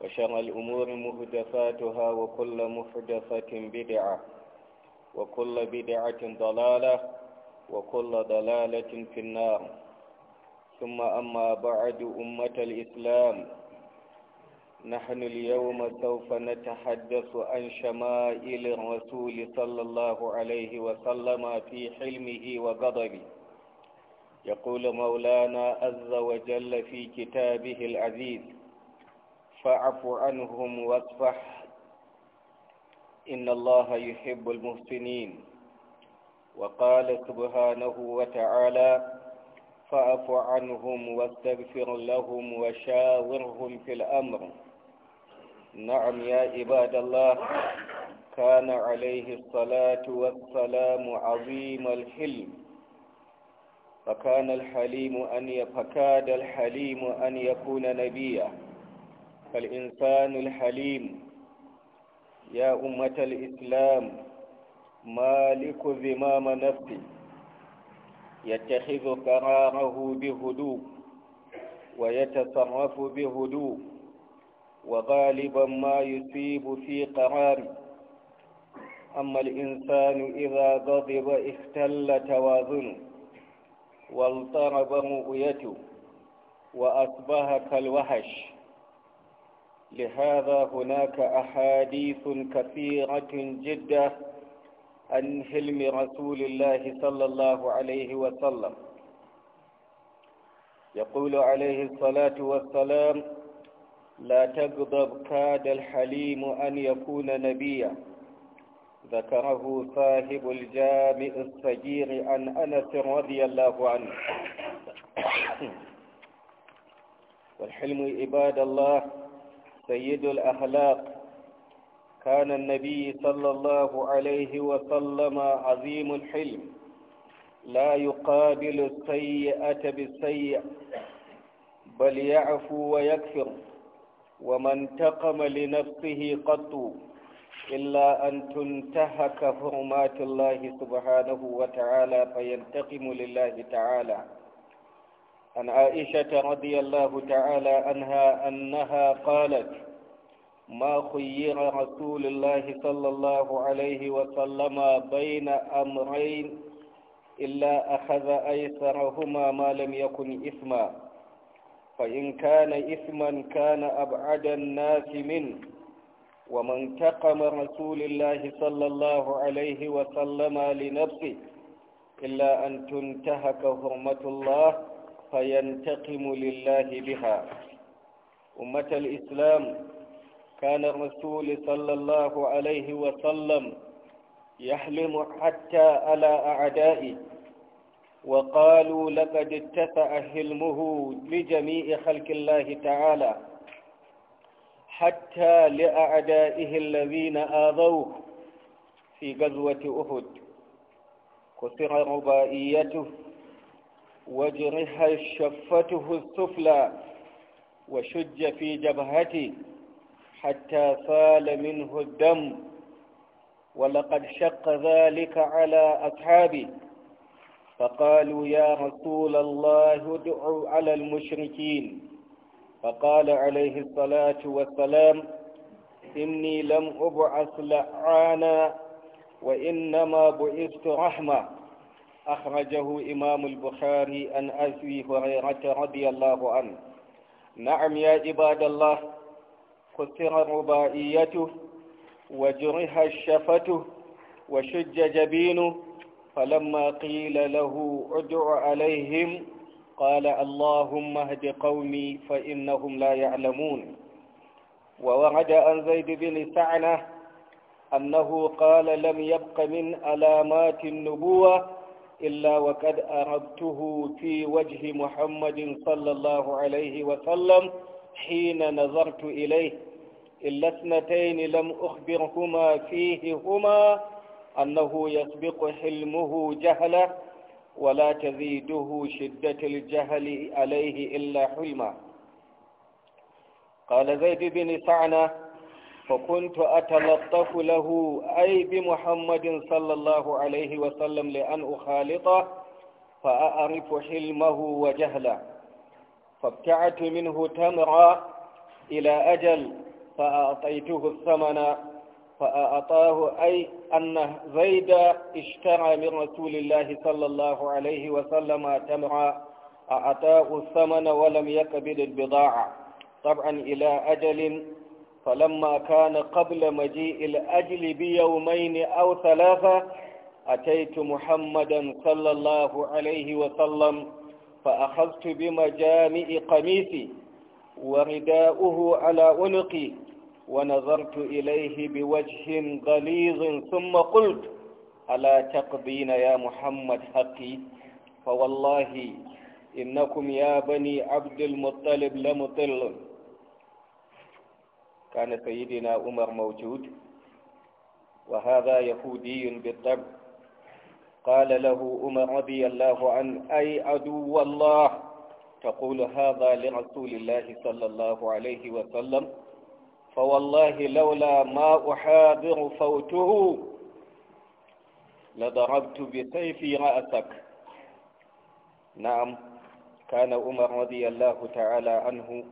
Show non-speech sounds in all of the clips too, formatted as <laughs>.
وشر الأمور مهدفاتها وكل مهدفة بدعة وكل بدعة ضلالة وكل ضلالة في النار ثم أما بعد أمة الإسلام نحن اليوم سوف نتحدث عن شمائل الرسول صلى الله عليه وسلم في حلمه وغضبه يقول مولانا عز وجل في كتابه العزيز فاعف عنهم واصفح إن الله يحب المحسنين وقال سبحانه وتعالى فاعف عنهم واستغفر لهم وشاورهم في الأمر نعم يا عباد الله كان عليه الصلاة والسلام عظيم الحلم فكان الحليم أن يفكاد الحليم أن يكون نبيا فالإنسان الحليم يا أمة الإسلام مالك ذمام نفسه يتخذ قراره بهدوء ويتصرف بهدوء وغالبا ما يصيب في قراره أما الإنسان إذا غضب اختل توازنه والطرب مؤيته وأصبح كالوحش لهذا هناك أحاديث كثيرة جدا عن حلم رسول الله صلى الله عليه وسلم يقول عليه الصلاة والسلام لا تغضب كاد الحليم أن يكون نبيا ذكره صاحب الجامع الصغير عن أنس رضي الله عنه والحلم عباد الله سيد الأخلاق كان النبي صلى الله عليه وسلم عظيم الحلم لا يقابل السيئة بالسيئة بل يعفو ويكفر ومن تقم لنفسه قط إلا أن تنتهك حرمات الله سبحانه وتعالى فينتقم لله تعالى عن عائشة رضي الله تعالى عنها أنها قالت ما خير رسول الله صلى الله عليه وسلم بين أمرين إلا أخذ أيسرهما ما لم يكن إثما فإن كان إثما كان أبعد الناس منه ومن تقم رسول الله صلى الله عليه وسلم لنفسه إلا أن تنتهك حرمة الله فينتقم لله بها أمة الإسلام كان الرسول صلى الله عليه وسلم يحلم حتى على أعدائه وقالوا لقد اتسع حلمه لجميع خلق الله تعالى حتى لأعدائه الذين آذوه في غزوة أحد كسر ربائيته وجرح شفته السفلى وشج في جبهتي حتى سال منه الدم ولقد شق ذلك على أصحابي فقالوا يا رسول الله ادع على المشركين فقال عليه الصلاة والسلام إني لم أبعث لعانا وإنما بعثت رحمة أخرجه إمام البخاري عن أبي هريرة رضي الله عنه نعم يا عباد الله كثر رباعيته وجرح الشفته وشج جبينه فلما قيل له ادع عليهم قال اللهم اهد قومي فإنهم لا يعلمون وورد عن زيد بن سعنة أنه قال لم يبق من علامات النبوة إلا وقد أردته في وجه محمد صلى الله عليه وسلم حين نظرت إليه إلا اثنتين لم أخبرهما فيهما أنه يسبق حلمه جهلا ولا تزيده شدة الجهل عليه إلا حلما قال زيد بن سعنة فكنت أتلطف له أي بمحمد صلى الله عليه وسلم لأن أخالطه فأعرف حلمه وجهله فابتعت منه تمرا إلى أجل فأعطيته الثمن فأعطاه أي أن زيد اشترى من رسول الله صلى الله عليه وسلم تمرا أعطاه الثمن ولم يقبل البضاعة طبعا إلى أجل فلما كان قبل مجيء الأجل بيومين أو ثلاثة أتيت محمدا صلى الله عليه وسلم فأخذت بمجامع قميصي ورداؤه على عنقي ونظرت إليه بوجه غليظ ثم قلت ألا تقضين يا محمد حقي فوالله إنكم يا بني عبد المطلب لمطلون كان سيدنا عمر موجود وهذا يهودي بالطبع قال له عمر رضي الله عنه أي عدو الله تقول هذا لرسول الله صلى الله عليه وسلم فوالله لولا ما أحاذر فوته لضربت بسيفي رأسك نعم كان عمر رضي الله تعالى عنه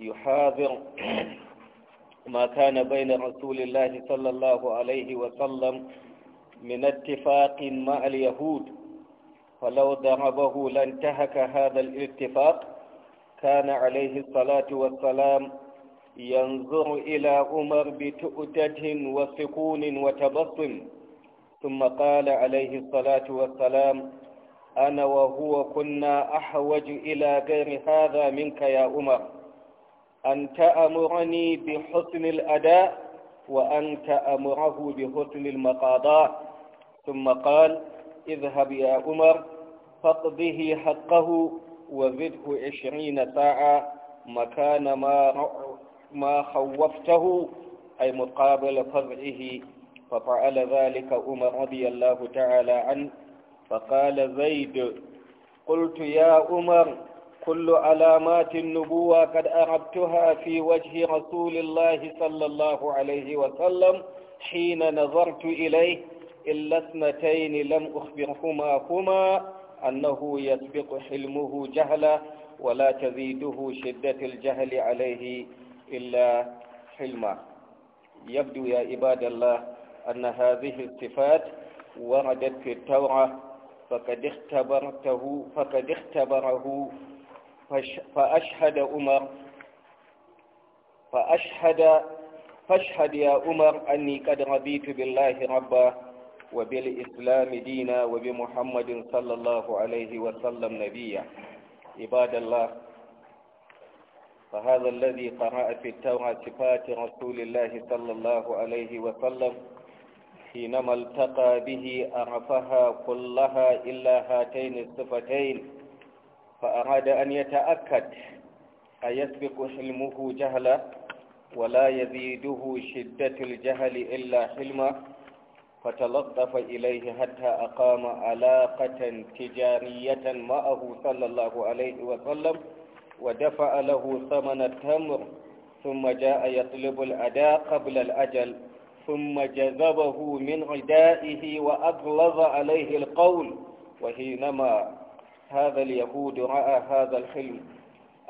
يحاذر <clears throat> ما كان بين رسول الله صلى الله عليه وسلم من اتفاق مع اليهود فلو ضربه لانتهك هذا الاتفاق كان عليه الصلاة والسلام ينظر إلى عمر بتؤتة وسكون وتبصم ثم قال عليه الصلاة والسلام أنا وهو كنا أحوج إلى غير هذا منك يا عمر أن تأمرني بحسن الأداء وأن تأمره بحسن المقاضاء ثم قال اذهب يا عمر فاقضه حقه وزده عشرين ساعة مكان ما ما خوفته أي مقابل فضعه ففعل ذلك عمر رضي الله تعالى عنه فقال زيد قلت يا عمر كل علامات النبوة قد أردتها في وجه رسول الله صلى الله عليه وسلم حين نظرت إليه إلا اثنتين لم أخبرهما هما أنه يسبق حلمه جهلا ولا تزيده شدة الجهل عليه إلا حلما يبدو يا عباد الله أن هذه الصفات وردت في التوراة فقد اختبرته فقد اختبره فأشهد عمر فأشهد فاشهد يا عمر أني قد رضيت بالله ربا وبالإسلام دينا وبمحمد صلى الله عليه وسلم نبيا عباد الله فهذا الذي قرأ في التوراة صفات رسول الله صلى الله عليه وسلم حينما التقى به عرفها كلها إلا هاتين الصفتين فأراد أن يتأكد أيسبق حلمه جهلا ولا يزيده شدة الجهل إلا حلما فتلطف إليه حتى أقام علاقة تجارية معه صلى الله عليه وسلم ودفع له ثمن التمر ثم جاء يطلب الأداء قبل الأجل ثم جذبه من عدائه وأغلظ عليه القول وحينما هذا اليهود رأى هذا الحلم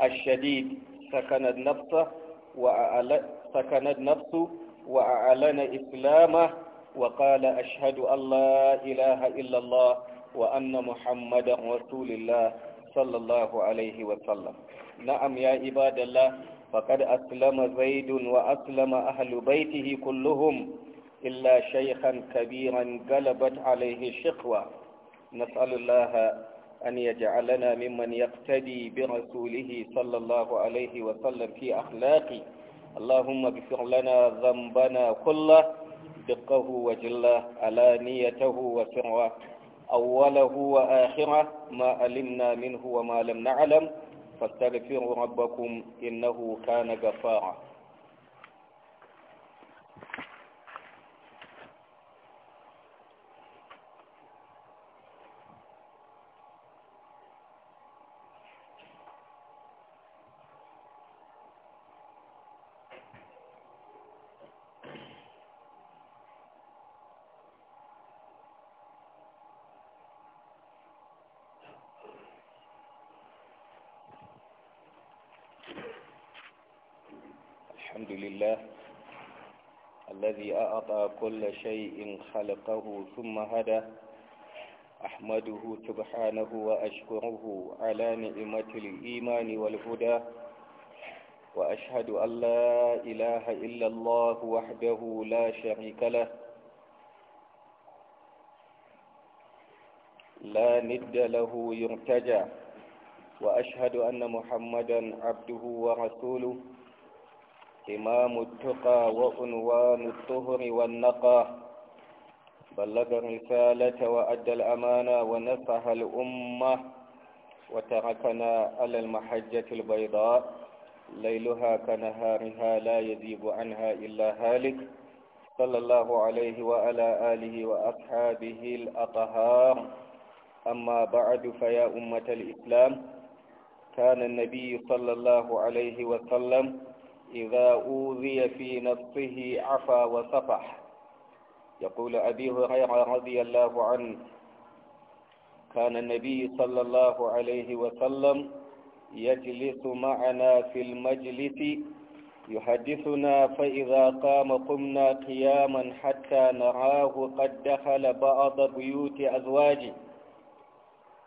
الشديد سكنت نفسه وأعل... سكنت نفسه وأعلن إسلامه وقال أشهد أن لا إله إلا الله وأن محمدا رسول الله صلى الله عليه وسلم نعم يا عباد الله فقد أسلم زيد وأسلم أهل بيته كلهم إلا شيخا كبيرا غلبت عليه الشقوة نسأل الله أن يجعلنا ممن يقتدي برسوله صلى الله عليه وسلم في أخلاقه اللهم اغفر لنا ذنبنا كله دقه وجله علانيته وسره أوله وآخره ما علمنا منه وما لم نعلم فاستغفروا ربكم إنه كان غفارا الحمد لله الذي أعطى كل شيء خلقه ثم هدى أحمده سبحانه وأشكره على نعمة الإيمان والهدى وأشهد أن لا إله إلا الله وحده لا شريك له لا ند له يرتجى وأشهد أن محمدا عبده ورسوله إمام التقى وعنوان الطهر والنقى بلغ الرسالة وأدى الأمانة ونصح الأمة وتركنا على المحجة البيضاء ليلها كنهارها لا يذيب عنها إلا هالك صلى الله عليه وعلى آله وأصحابه الأطهار أما بعد فيا أمة الإسلام كان النبي صلى الله عليه وسلم إذا أوذي في نفسه عفا وصفح يقول أبي هريرة رضي الله عنه كان النبي صلى الله عليه وسلم يجلس معنا في المجلس يحدثنا فإذا قام قمنا قياما حتى نراه قد دخل بعض بيوت أزواجه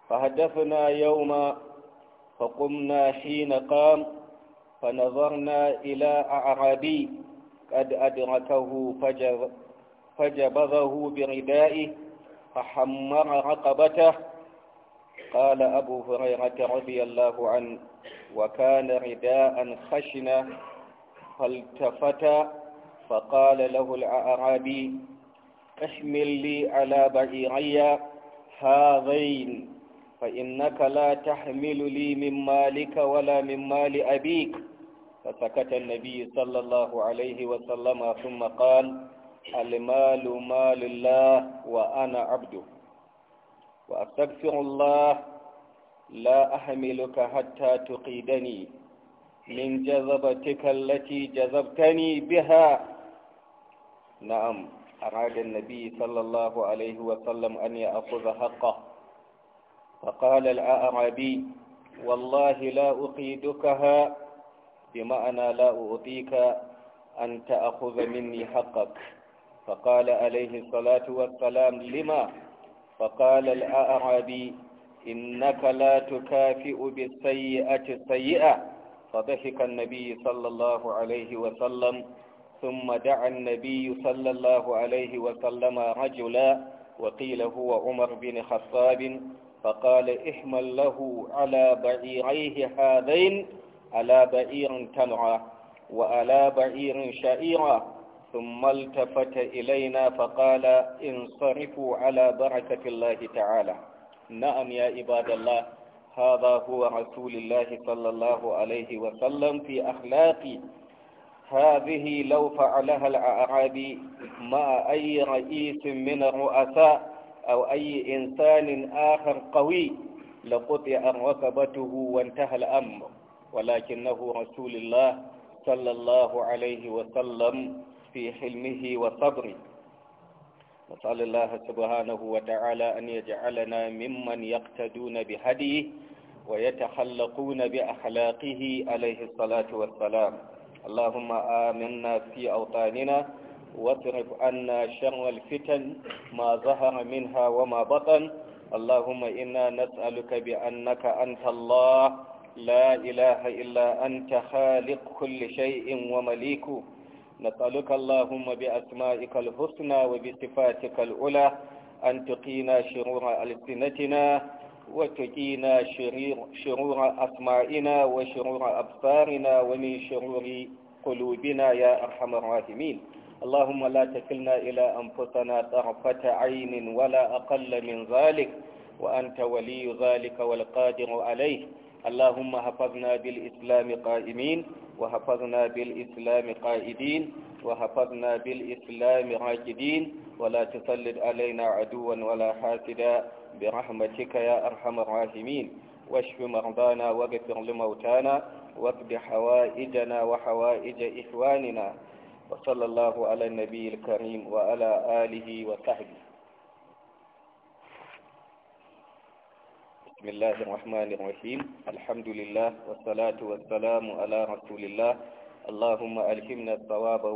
فحدثنا يوما فقمنا حين قام فنظرنا إلى أعرابي قد أدركه فجبضه بردائه فحمر رقبته قال أبو هريرة رضي الله عنه وكان رداء خشنا فالتفت فقال له الأعرابي أحمل لي على بعيري هذين فإنك لا تحمل لي من مالك ولا من مال أبيك فسكت النبي صلى الله عليه وسلم ثم قال المال مال الله وأنا عبده وأستغفر الله لا أحملك حتى تقيدني من جذبتك التي جذبتني بها نعم أراد النبي صلى الله عليه وسلم أن يأخذ حقه فقال الأعرابي والله لا أقيدكها بمعنى لا أعطيك أن تأخذ مني حقك فقال عليه الصلاة والسلام لما فقال الأعرابي إنك لا تكافئ بالسيئة السيئة فضحك النبي صلى الله عليه وسلم ثم دعا النبي صلى الله عليه وسلم رجلا وقيل هو عمر بن خطاب فقال احمل له على بعيريه هذين على بعير تمعى وعلى بعير شعيرا ثم التفت إلينا فقال انصرفوا على بركة الله تعالى نعم يا عباد الله هذا هو رسول الله صلى الله عليه وسلم في أخلاقه هذه لو فعلها الأعرابي مع أي رئيس من الرؤساء أو أي إنسان آخر قوي لقطع رقبته وانتهى الأمر ولكنه رسول الله صلى الله عليه وسلم في حلمه وصبره نسأل الله سبحانه وتعالى أن يجعلنا ممن يقتدون بهديه ويتخلقون بأخلاقه عليه الصلاة والسلام اللهم آمنا في أوطاننا واصرف عنا شر الفتن ما ظهر منها وما بطن اللهم إنا نسألك بأنك أنت الله لا إله إلا أنت خالق كل شيء ومليكه نسألك اللهم بأسمائك الحسنى وبصفاتك العلى أن تقينا شرور ألسنتنا وتقينا شرور أسمائنا وشرور أبصارنا ومن شرور قلوبنا يا أرحم الراحمين اللهم لا تكلنا إلى أنفسنا طرفة عين ولا أقل من ذلك وأنت ولي ذلك والقادر عليه اللهم حفظنا بالإسلام قائمين وحفظنا بالإسلام قائدين وحفظنا بالإسلام راكدين ولا تسلد علينا عدوا ولا حاسدا برحمتك يا أرحم الراحمين واشف مرضانا واغفر لموتانا واقض حوائجنا وحوائج إخواننا وصلى الله على النبي الكريم وعلى آله وصحبه بسم الله الرحمن الرحيم الحمد لله والصلاة والسلام على رسول الله اللهم ألهمنا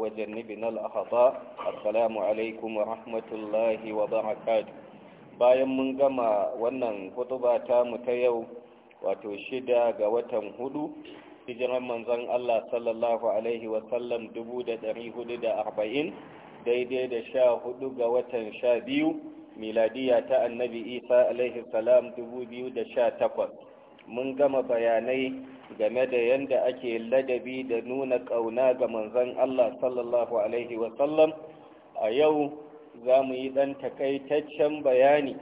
وجنبنا الأخطاء السلام عليكم ورحمة الله وبركاته bayan mun gama wannan hutuba ta mu ta yau wato shida ga watan hudu hijiran manzon Allah sallallahu alaihi da 1440 daidai da sha hudu ga watan sha biyu miladiya ta annabi isa alaihi salam 2018 mun gama bayanai game da yadda ake ladabi da nuna ƙauna ga manzon allah sallallahu alaihi wasallam a yau za mu yi ɗan takaitaccen bayani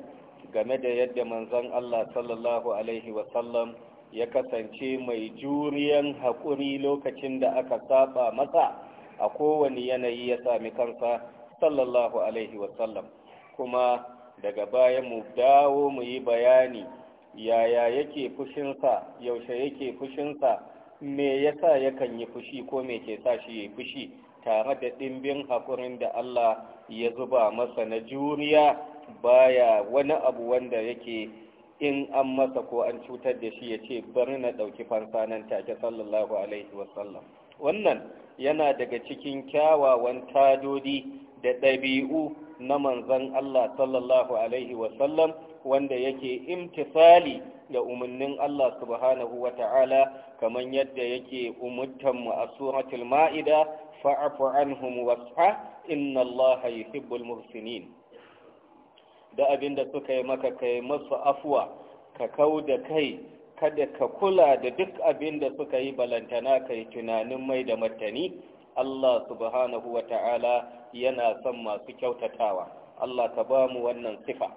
game da yadda manzon allah sallallahu alaihi wasallam ya kasance mai juriyan haƙuri lokacin da aka saba masa a kowane yanayi ya sami kansa sallallahu alaihi wasallam kuma daga baya mu dawo mu yi bayani yaya yake fushinsa yaushe yake fushinsa me yasa yakan yi fushi ko me ke sa shi ya fushi tare da ɗimbin haƙurin da Allah ya zuba masa na juriya baya wani abu wanda yake in an masa ko an cutar da shi ya ce bari na ɗauki fansa nan take sallallahu alaihi wasallam wannan yana daga cikin kyawawan tadodi da ɗabi'u na manzan Allah sallallahu alaihi wasallam wanda yake imtisali da umarnin Allah subhanahu wa ta'ala kamar yadda yake umurtanmu a suratul ma'ida fa'afu anhum was'a inna Allah yuhibbul muhsinin da abinda suka yi maka kai masu afwa ka kau da kai kada ka kula da duk abinda suka yi balantana kai tunanin mai da martani Allah subhanahu wa ta'ala yana son masu kyautatawa Allah ka ba mu wannan sifa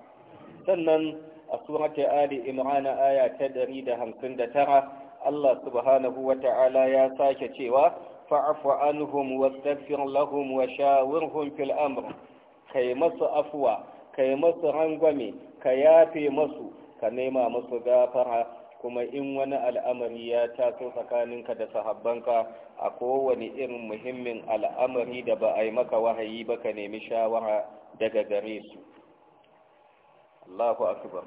sannan a surata ali imran aya ta da tara, Allah subhanahu wa ta'ala ya sake cewa fa'fu anhum wastaghfir lahum wa shawirhum fil amr kai masu ka kai masu rangwame ka yafe masu ka nema masu gafara kuma in wani al'amari ya taso tsakaninka da sahabbanka a kowane irin muhimmin al'amari da ba a yi maka wahayi ba ka nemi shawara daga gare su Allahu akbar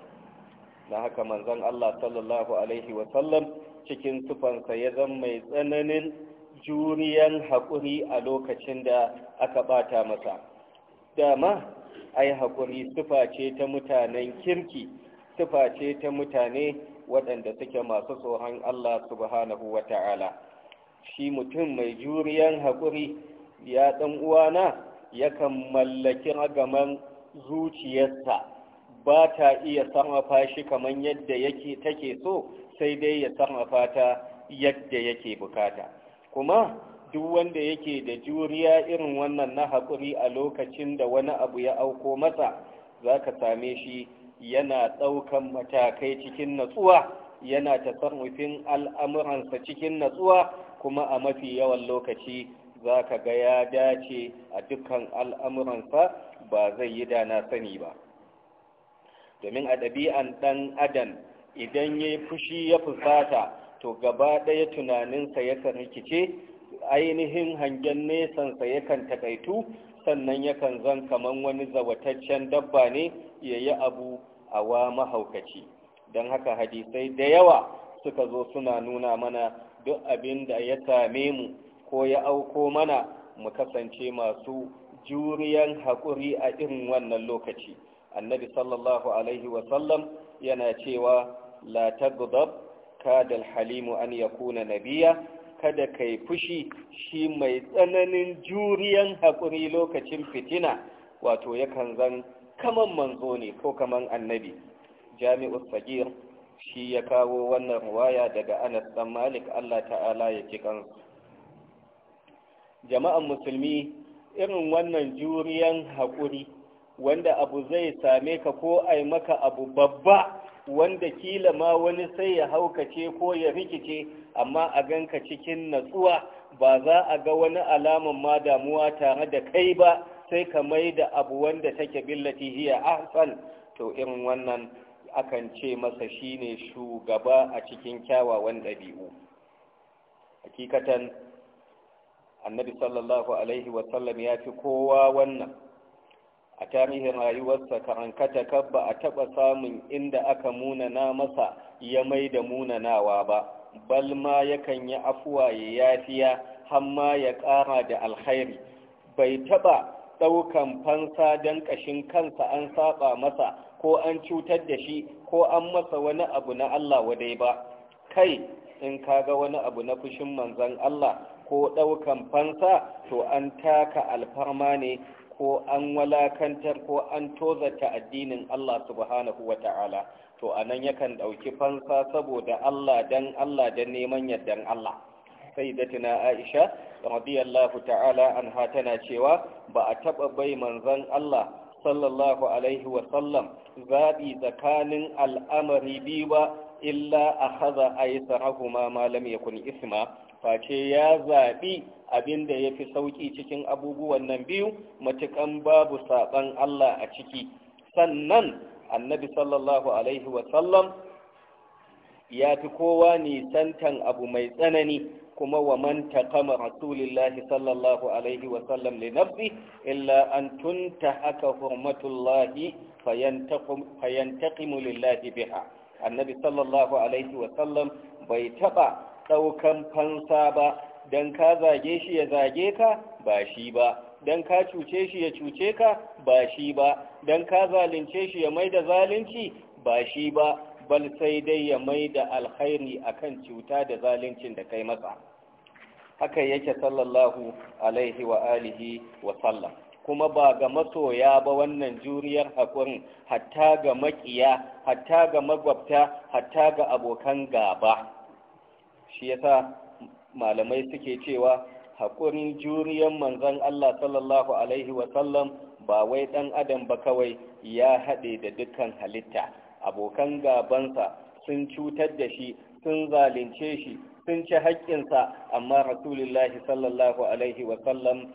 na haka manzan Allah sallallahu alaihi wasallam cikin sufansa ya zama mai tsananin juriyan haƙuri a lokacin da aka bata masa dama ai haƙuri sufa ce ta mutanen kirki sufa ce ta mutane waɗanda suke masu tsoron Allah subhanahu wa ta'ala shi mutum mai juriyan haƙuri ya ɗan uwana ya kan mallaki ragaman zuciyarsa ba ta iya sarrafa shi kamar yadda yake take so sai dai ya sarrafa ta yadda yake bukata kuma duk wanda yake da juriya irin wannan na haƙuri a lokacin da wani abu ya auko masa za ka same shi yana ɗaukan matakai cikin natsuwa yana tasarrufin al'amuransa cikin natsuwa kuma a mafi yawan lokaci za ka ga ya dace a dukkan al'amuransa ba zai yi dana sani ba domin a ɗabi'an ɗan adam idan ya fushi ya fusata to gaba ɗaya tunaninsa yakan rikice ainihin hangen nesansa yakan taƙaitu sannan yakan zan kaman wani zawataccen dabba ne ya yi abu a wa mahaukaci don haka hadisai da yawa suka zo suna nuna mana duk abin da ya same mu ko ya auko mana mu kasance masu juriyan haƙuri a irin wannan lokaci annabi sallallahu alaihi wasallam yana cewa la tagdab kada alhalimu an yakuna nabiya kada kai fushi shi mai tsananin juriyan haƙuri lokacin fitina wato yakan zan kaman manzo ne ko kaman annabi jami'u sagir shi ya kawo wannan ruwaya daga anas dan malik Allah ta'ala ya ci kansu jama'an musulmi irin wannan juriyan haƙuri wanda abu zai same ka ko ai maka abu babba wanda kila ma wani sai ya haukace ko ya rikice amma a ganka cikin natsuwa ba za a ga wani alaman ma damuwa tare da kai ba sai ka mai da abu wanda take billati hiya ahsan to irin wannan akan ce masa shine shugaba a cikin kyawawan ɗabi'u hakikatan annabi sallallahu alaihi wasallam ya fi kowa wannan a tarihin rayuwarsa karankata kabba a taba samun inda aka munana masa ya mai da munanawa ba balma yakan yi afuwa ya yafiya hamma ya ƙara da alkhairi bai taɓa ɗaukan fansa don ƙashin kansa an saba masa ko an cutar da shi ko an masa wani abu na Allah wadai ba kai in kaga wani abu na fushin manzan Allah ko ɗaukan fansa to an taka alfarma ne ko an walakantar ko an tozata addinin Allah subhanahu wa ta'ala to anan yakan ɗauki fansa saboda Allah dan Allah dan neman yardan Allah sai da Aisha radiyallahu ta'ala anha tana cewa ba a taɓa bai manzon Allah sallallahu alaihi zaɓi tsakanin al'amari biyu ba illa a haza a yi sarahuma malam ya kun isma face ya zaɓi abin da ya fi sauƙi cikin abubuwan nan biyu matukan babu saɓan Allah a ciki sannan annabi sallallahu alaihi ya fi kowa nisantan abu mai tsanani kuma wa man taqama rasulillahi sallallahu alaihi wa sallam li nafsi illa an tuntahaka hurmatullahi fayantaqimu lillahi biha annabi sallallahu alaihi wa sallam bai taba daukan fansa ba dan ka zage shi ya zage ka ba shi ba dan ka cuce shi ya cuce ka ba shi ba dan ka zalunce shi ya maida zalunci ba shi ba bal sai dai ya maida alkhairi akan cuta da zaluncin da kai masa haka yake sallallahu alaihi wa alihi wa sallam kuma ba ga masoya ba wannan juriyar haƙurin hatta ga maƙiya hatta ga magwabta hatta ga abokan gaba shi yasa malamai suke cewa haƙurin juriyar manzon Allah sallallahu alaihi wa sallam ba wai ɗan adam ba kawai ya haɗe da dukkan halitta abokan gabansa sun cutar da shi sun zalunce shi sun ci haƙƙinsa amma rasulullahi sallallahu alaihi wasallam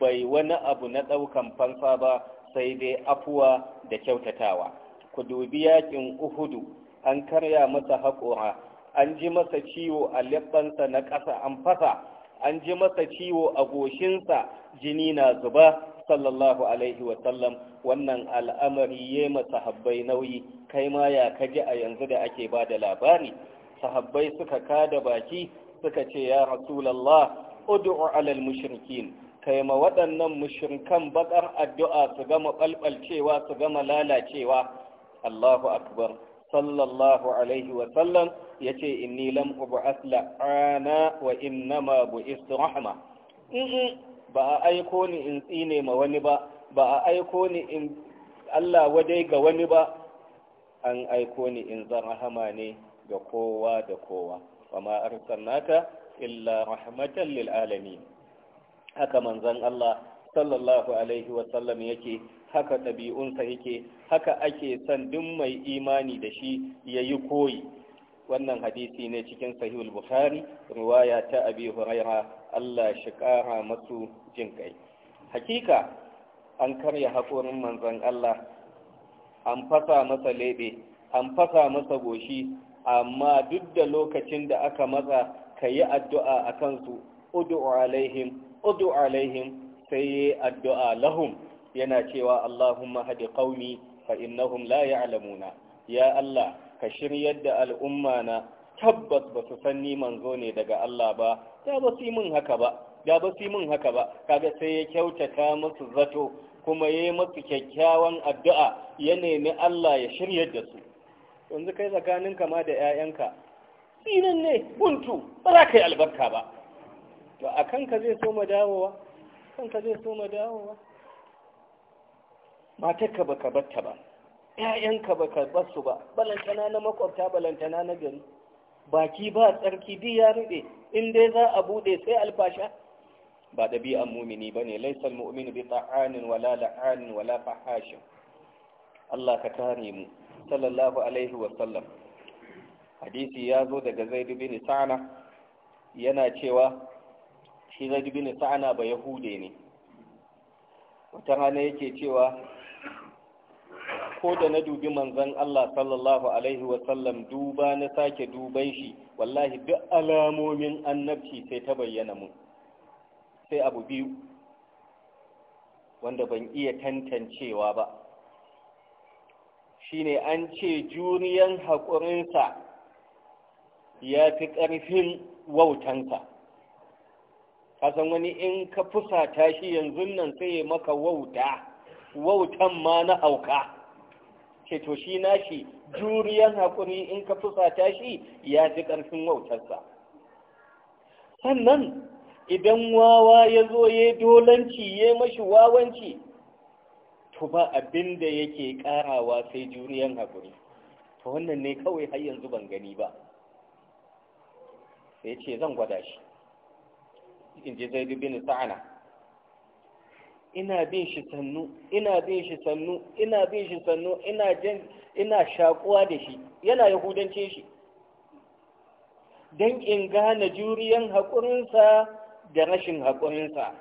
bai wani abu na ɗaukan fansa ba sai dai afuwa da kyautatawa ku dubi yaƙin uhudu an karya masa haƙora an ji masa ciwo a leɓɓansa na ƙasa an fasa an ji masa ciwo a goshinsa jini na zuba sallallahu alaihi wasallam wannan al'amari ya masa habbai nauyi kai ma ya kaji a yanzu da ake ba da labari sahabbai suka kada baki suka ce ya rasulallah ud'u alal mushrikin kai ma waɗannan mushrikan bakar addu'a su gama balbalcewa su gama lalacewa Allahu akbar sallallahu alaihi wa sallam yace inni lam ub'ath la'ana wa innama bu'istu rahma ba a aiko ni in tsine ma wani ba ba a aiko ni in Allah wadai ga wani ba an aiko ni in zan rahama ne ga kowa da kowa amma arsalnaka illa rahmatan lil alamin haka manzon Allah sallallahu alaihi wa sallam yake haka ɗabi'unsa yake haka ake san duk mai imani da shi yayi koyi wannan hadisi ne cikin sahihul bukhari riwaya ta abi huraira Allah shi kara masu jin kai hakika an karya haƙurin manzon Allah an fasa masa lebe an fasa masa goshi amma duk da lokacin da aka matsa ka yi addu'a a kansu udu alaihim udu alaihim sai yi addu'a lahum yana cewa Allahumma hadi ƙaumi fa innahum la ya'lamuna ya Allah ka shiryar da al'umma na tabbas ba su san ni manzo ne daga Allah ba da ba su yi min haka ba kaga sai ya kyautata masu zato kuma ya yi musu kyakkyawan addu'a ya nemi Allah ya shiryar da su yanzu kai tsakanin kama da 'ya'yanka tsinan ne buntu ba za ka yi albarka ba to a kanka zai so ma dawowa kanka zai so ma dawowa ba ka batta ba ‘ya'yanka ba ka basu ba balantana na makwabta balantana na gari baki ba tsarki di ya ruɗe in dai za a buɗe sai alfasha ba ɗabi'an mumini ba ne laisal mu'minu bi ta'anin wala la'anin wala fahashin Allah ka kare mu sallallahu alaihi wasallam hadisi ya zo daga zaidu bin sa'ana yana cewa shi zaidu bin sa'ana ba yahude ne wata rana yake cewa ko da na dubi manzan Allah sallallahu alaihi wasallam duba na sake duban shi wallahi duk alamomin annabci sai ta bayyana mu sai abu biyu wanda ban iya tantancewa ba shine an ce juriyan haƙurinsa ya fi ƙarfin wautansa kasan wani in ka fusata shi yanzu nan sai ya maka wauta wautan ma na auka. ce to shi nashi juriyan haƙuri in ka fusata shi ya fi ƙarfin wautarsa sannan idan wawa ya zo ya dolanci ya mashi wawanci to ba abin da yake karawa sai juriyan haƙuri to wannan ne kawai har yanzu ban gani ba sai ce zan gwada shi in ji zai bin sa'ana ina bin shi sannu ina bin shi sannu ina bin shi sannu ina jan ina shakuwa da shi yana yahudance shi don in gane juriyan haƙurinsa da rashin haƙurinsa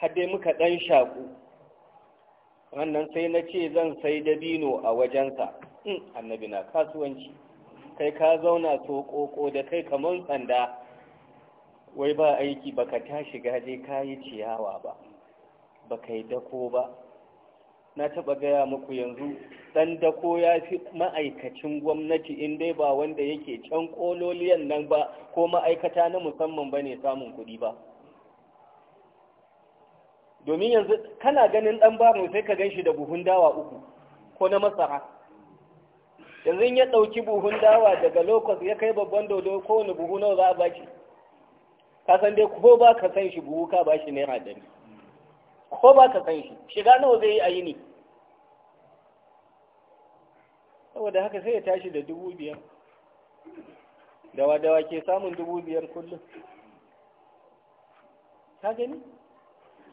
Haɗe muka ɗan shaƙu wannan sai na ce zan sai dabino a wajensa in hmm, annabi na kasuwanci kai ka zauna so koko da kai kamar sanda wai ba aiki baka tashi je ka yi ciyawa ba Ba ka yi dako ba na taɓa gaya muku yanzu dan dako ya fi ma'aikacin gwamnati in dai ba wanda yake can kololiyan nan ba ko ma'aikata na musamman ba ne samun kuɗi ba domin yanzu kana ganin dan baro sai ka gan shi da buhun dawa uku ko na masara yanzu ya ɗauki buhun dawa daga lokos ya kai babban dodo kowane buhu nawa za a ba shi ka san dai ko ba ka san shi buhu ka ba shi naira ɗari ko ba ka san shi shiga nawa zai yi a yini saboda haka sai ya tashi da dubu biyar dawa dawa ke samun dubu biyar kullum ka gani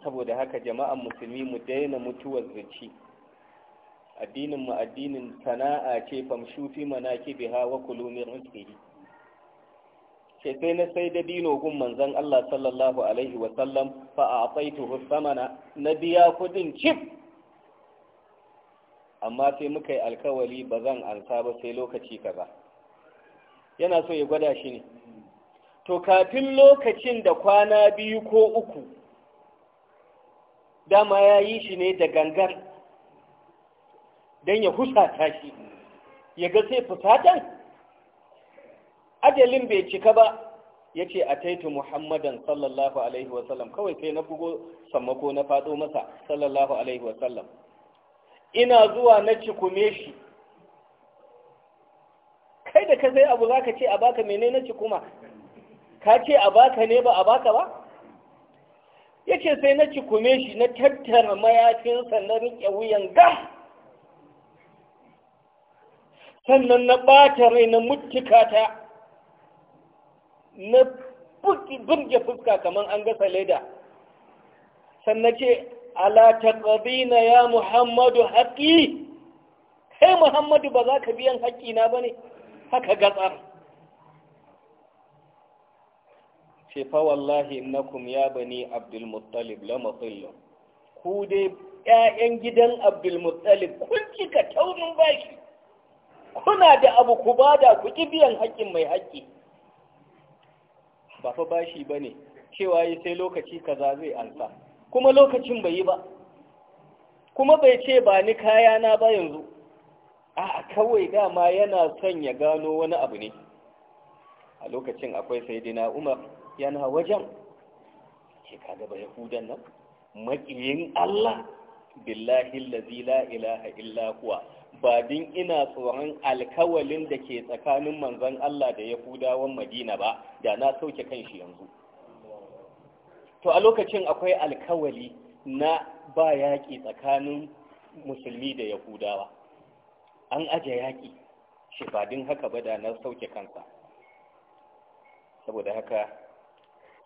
saboda haka jama'an musulmi mu daina mutuwar zuci addinin mu addinin sana'a ce famshufi manaki biha wa kulumin rizqihi ce sai na sai da dino gun manzon Allah sallallahu alaihi wa sallam fa a'taituhu thamana na biya kudin cif amma sai muka yi alkawali ba zan ansa ba sai lokaci ka ba. yana so ya gwada shi ne to kafin lokacin da kwana biyu ko uku dama ya yi shi ne da gangar don ya husata shi ya ga sai fusatan ajalin bai cika ba ya ce a taitu muhammadan sallallahu alaihi wasallam kawai sai na bugo sammako na fado masa sallallahu alaihi wasallam ina zuwa na cikume shi kai da ka sai abu za ka ce a baka mene na cikuma ka ce a baka ne ba a baka ba ya sai na cikume shi na tattara mayafinsa na riƙe wuyan gam sannan na ɓata rai na mutukata na burge fuska kamar an gasa leda sannan ce ala ya muhammadu haƙi kai muhammadu ba za ka biyan haƙina ba ne haka gatsar ce fa wallahi innakum ya bani abdul muttalib la matillu ku dai ƴaƴan gidan abdul muttalib kun cika taurin bashi kuna da abu ku bada ku kibiyan biyan haƙƙin mai haƙƙi ba fa bashi bane cewa yi sai lokaci kaza zai ansa kuma lokacin bai yi ba kuma bai ce ba ni kaya na ba yanzu a kawai dama yana son ya gano wani abu ne a lokacin akwai saidina umar yana wajen ka gaba yahudan nan maƙiyin Allah billahi lazi la ilaha illa huwa ba din ina tsoron alkawalin da ke tsakanin manzon Allah da yahudawan madina ba da na sauke kan shi yanzu to a lokacin akwai alkawali na ba yaƙi tsakanin musulmi da yahudawa an aje yaƙi shi ba din haka ba da na sauke kansa saboda haka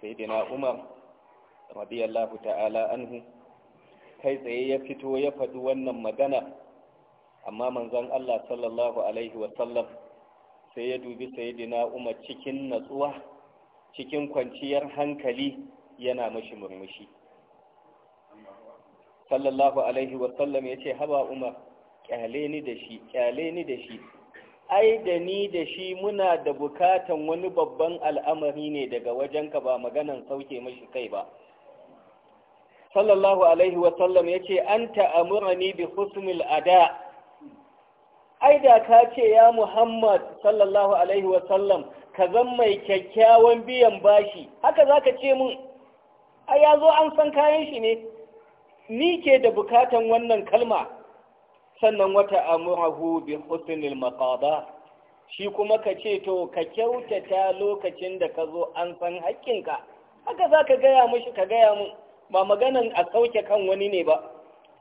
sayyidina umar radiyallahu ta'ala anhu kai tsaye ya fito ya faɗi wannan magana amma manzon Allah sallallahu alaihi wasallam sai ya dubi Sa'idina umar cikin natsuwa cikin kwanciyar hankali yana mashi murmushi sallallahu alaihi wasallam ya ce haba umar kyale ni da shi ai da ni da shi muna da bukatan wani babban al'amari ne daga wajen ka ba maganan sauke mashi kai ba sallallahu alaihi wasallam ya ce an ta'amurani bi husnul ada ai da ka ce ya muhammad sallallahu alaihi wasallam ka zan mai kyakkyawan biyan bashi haka za ka ce mun ai ya an san kayan shi ne ni ke da bukatan wannan kalma sannan wata amurahu bi husnil maqada shi kuma ka ce to ka kyautata lokacin da ka zo an san haƙƙinka haka za ka gaya mushi ka gaya mu ba maganan a sauke kan wani ne ba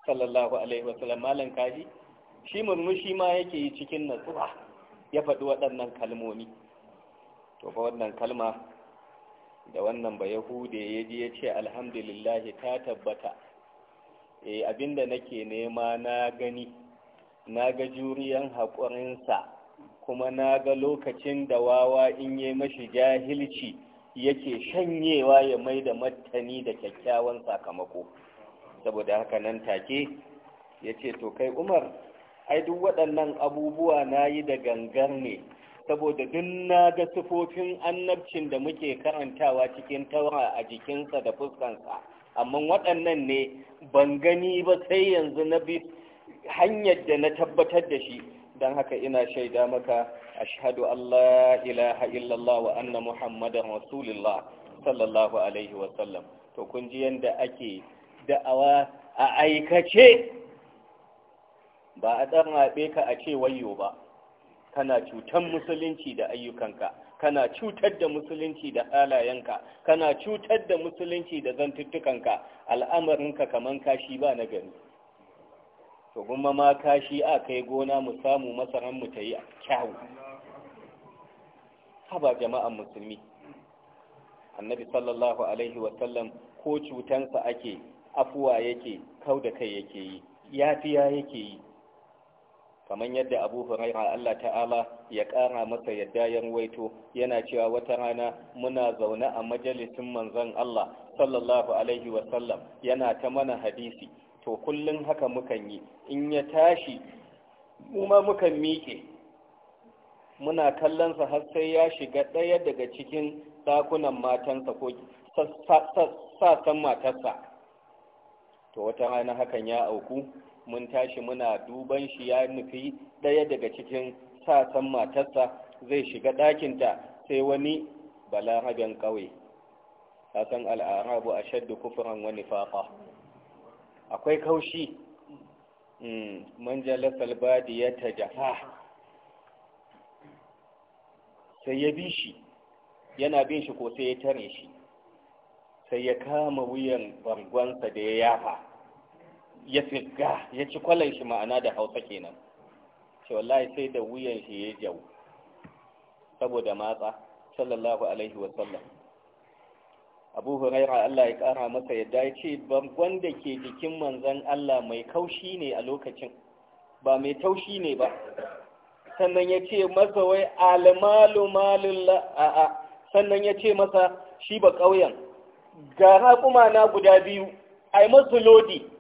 sallallahu alaihi wasallam malam kaji shi murmushi ma yake yi cikin natsuwa ya faɗi waɗannan kalmomi to fa wannan kalma da wannan ba yahude ya ji ya ce alhamdulillah ta tabbata eh abinda nake nema na gani na ga juriyan haƙurinsa kuma na ga lokacin da wawa in yi mashi jahilci yake shanyewa ya mai da matani da kyakkyawan sakamako saboda haka nan take ya ce to kai umar ai duk waɗannan abubuwa na yi da gangar ne saboda duk na ga sufofin annabcin da muke karantawa cikin taura a jikinsa da fuskansa amma waɗannan ne ban gani ba sai yanzu na bi hanyar da na tabbatar da shi don haka ina shaida maka shahadu Allah ilaha illallah wa anna muhammadan rasulullah sallallahu alaihi wasallam to kun ji yadda ake da'awa a aikace ba a tsarnaɓe ka a ce wayo ba kana cutar musulunci da ayyukanka kana cutar da musulunci da halayenka kana cutar da musulunci da zantuttukanka al'amarinka kaman kashi ba na gani. to gumma ma kashi a kai gona mu samu masaran mu ta yi kyawu haba jama'an musulmi annabi sallallahu alaihi wasallam ko cutansa ake afuwa yake kau da kai yake yi yafiya yake yi kamar yadda abu huraira Allah ta'ala ya ƙara masa yadda ya ruwaito yana cewa wata rana muna zaune a majalisin manzon Allah sallallahu alaihi wasallam yana ta mana hadisi to kullum haka mukan yi in ya tashi kuma mukan miƙe muna kallonsa har sai ya shiga ɗaya daga cikin sakunan matansa ko sassan matarsa to wata rana hakan ya auku mun tashi muna duban shi ya nufi ɗaya daga cikin sassan matarsa zai shiga ɗakinta sai wani balaraben ƙauye kasan al'arabu a shaddu kufuran wani faƙa akwai kaushi hmm, man salbadi ya ta jafa sai ya bi shi yana bin shi ko sai ya tare shi sai ya kama wuyan bargonsa da ya yafa ya figa ya ci kwallon shi ma'ana da hausa kenan ce wallahi sai da wuyan shi ya jau saboda matsa sallallahu alaihi wasallam abu huraira Allah ya kara masa yadda ya ce bangon da ke jikin manzan Allah mai kaushi ne a lokacin ba mai taushi ne ba sannan ya ce masa wai almalu malin a'a sannan ya ce masa shi ba ƙauyen ga raƙuma na guda biyu ai masu lodi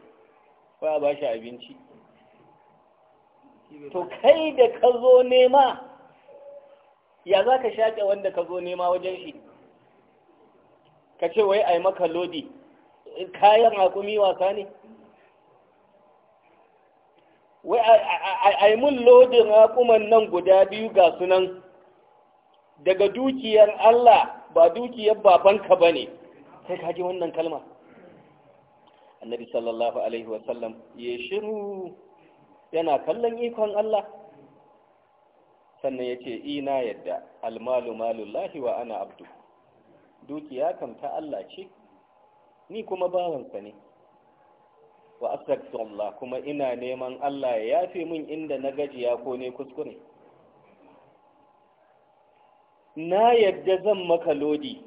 ba ba shi abinci to kai da ka zo nema ya za ka shaƙe wanda ka zo nema wajen shi ka ce wai a yi maka lodi kayan akumi wasa ne wai a yi mun lodin akuman nan guda biyu ga sunan daga dukiyar Allah ba dukiyar babanka ba ne sai kaji wannan kalma annabi sallallahu alaihi wasallam ya shiru yana kallon ikon Allah sannan ya ce ina yadda almalu malullahi wa ana abdu dukiya kam ta Allah ce ni kuma bawansa ne wa Allah kuma ina neman Allah ya yafe min inda na gajiya ko ne kuskure na yadda zan maka lodi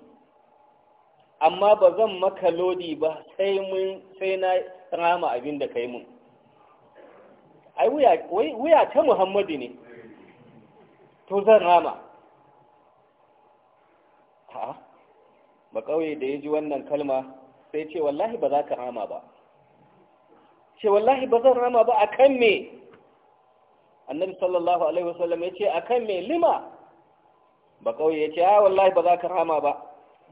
amma ba zan maka lodi ba sai mun sai na rama abin da kai mun ai wuya ta Muhammadu ne to zan rama ha ba da ya ji wannan kalma sai ce wallahi ba za ka rama ba ce wallahi ba zan rama ba a kan me annabi sallallahu alaihi wasallam ya ce a kan me lima ba ya ce a wallahi ba za ka rama ba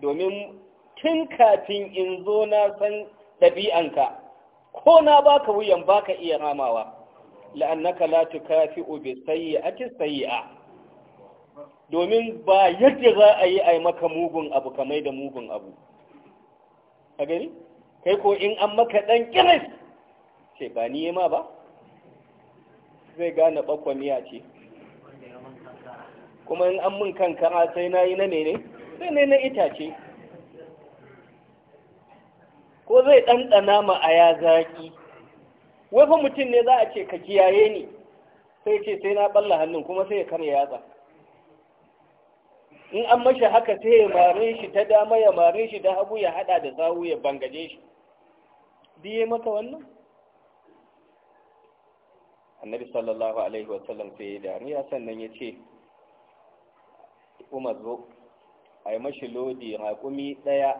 domin tun kafin in zo na san ɗabi'anka ko na baka wuyan baka iya ramawa la'annaka la a bi sayi a. domin ba yadda za a yi a yi maka mugun abu kamai da mugun abu a gani kai ko in an maka ɗan kiris ce ba ni ma ba zai gane bakwamiya ce kuma in an mun kankara sai na yi na ne sai ne na itace ko zai ɗanɗana ma a ya zaƙi wai fa mutum ne za a ce ka kiyaye ni sai ce sai na ɓalla hannun kuma sai ya karya yatsa in an mashi haka sai ya mare shi ta dama ya mare shi da hagu ya hada da zawo ya bangaje shi biye maka wannan annabi sallallahu alaihi wasallam sai ya dariya sannan ya ce umar zo a yi mashi lodi raƙumi ɗaya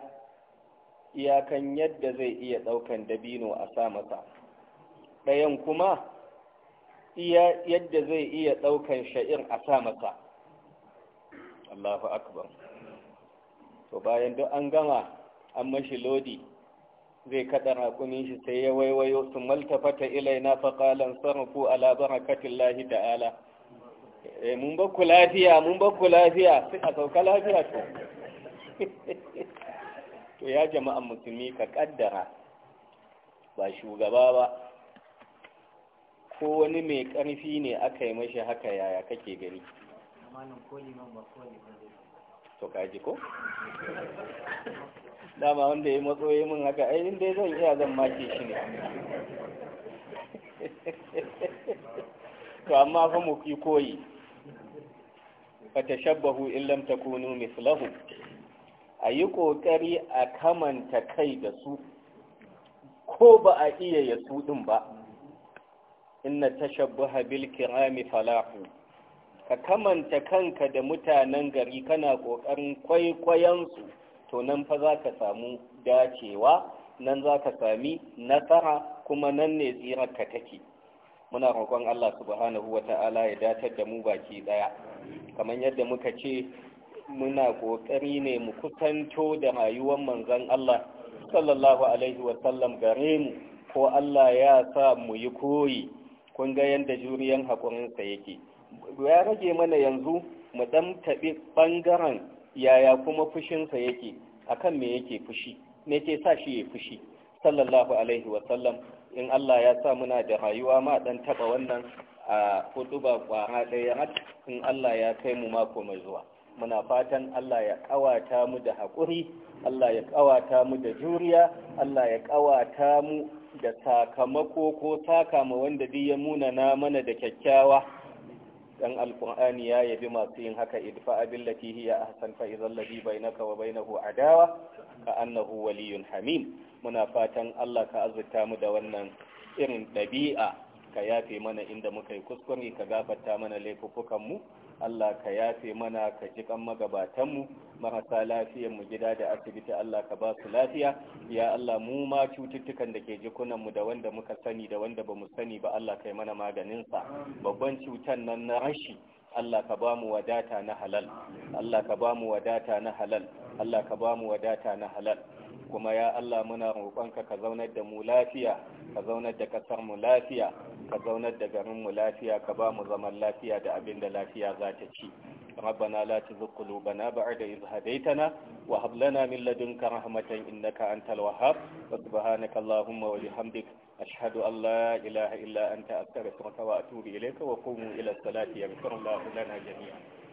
iyakan yadda zai iya ɗaukan dabino a sa masa ɗayan kuma iya yadda zai iya ɗaukan sha'ir a sa masa Allahu akbar to bayan duk an gama an mashi lodi zai kada rakumin shi sai ya waiwayo su maltafata ilaina qalan sarrafu ala barakatillahi lahi Eh mun ba ku lafiya mun ba ku lafiya sai a sauka lafiya to <laughs> to ya jama'an musulmi ka kaddara ba shugaba ba ko wani mai ƙarfi ne aka yi mashi haka yaya kake gani ko to kaji ko dama wanda ya matso yi min haka ai inda zan iya zan mace shi ne to amma fa mu yi koyi fa tashabbahu in lam takunu mislahu ayi kokari a kamanta kai da su ko ba a iya yasu din ba inna tashabbaha bil kirami falahu ka kamanta kanka da mutanen gari kana ƙoƙarin kwaikwayonsu to nan fa za ka samu dacewa nan za ka sami nasara kuma nan ne tsirarka take muna roƙon Allah subhanahu wa ta'ala ya datar da mu baki ɗaya kamar yadda muka ce muna ƙoƙari ne mu kusanto da rayuwar manzon Allah sallallahu alaihi wa sallam gare mu ko Allah ya sa mu yi koyi kun ga yadda juriyan haƙurinsa yake ya rage mana yanzu mu ɗan taɓi ɓangaren yaya kuma fushinsa yake akan me yake fushi me ke sa shi ya fushi sallallahu alaihi wasallam in Allah ya sa muna da rayuwa ma dan taɓa wannan a hutuba ƙwara ɗaya in Allah ya kai mu mako mai zuwa muna fatan Allah ya ƙawata mu da haƙuri Allah ya ƙawata mu da juriya Allah ya ƙawata mu da sakamako ko saka ma wanda duk ya munana mana da kyakkyawa dan alkur'ani ya yabi masu yin haka idfa billati hiya ahsan fa idhal ladhi bainaka wa bainahu adawa ka annahu waliyyun hamim muna fatan Allah ka azurta mu da wannan irin dabi'a ka yafe mana inda muka yi kuskure ka gafarta mana laifukan mu Allah ka yafe mana ka ji kan magabatanmu marasa lafiyar mu gida da asibiti Allah ka ba su lafiya ya Allah mu ma cututtukan da ke jikunan mu da wanda muka sani da wanda bamu sani ba Allah kai mana maganin sa babban cutan nan na rashi Allah ka ba mu wadata na halal Allah ka ba mu wadata na halal Allah ka ba mu wadata na halal kuma ya Allah muna roƙonka ka zaunar da mu lafiya ka zaunar da ƙasar mu lafiya ka zaunar da garin mu lafiya ka ba mu zaman lafiya da abin da lafiya za ta ci rabbana la tuzigh qulubana ba'da da hadaytana wa hab lana min ladunka rahmatan innaka antal wahhab subhanaka allahumma wa bihamdik ashhadu an la ilaha illa anta astaghfiruka wa atubu ilayka wa ila salati yaghfir lana jami'an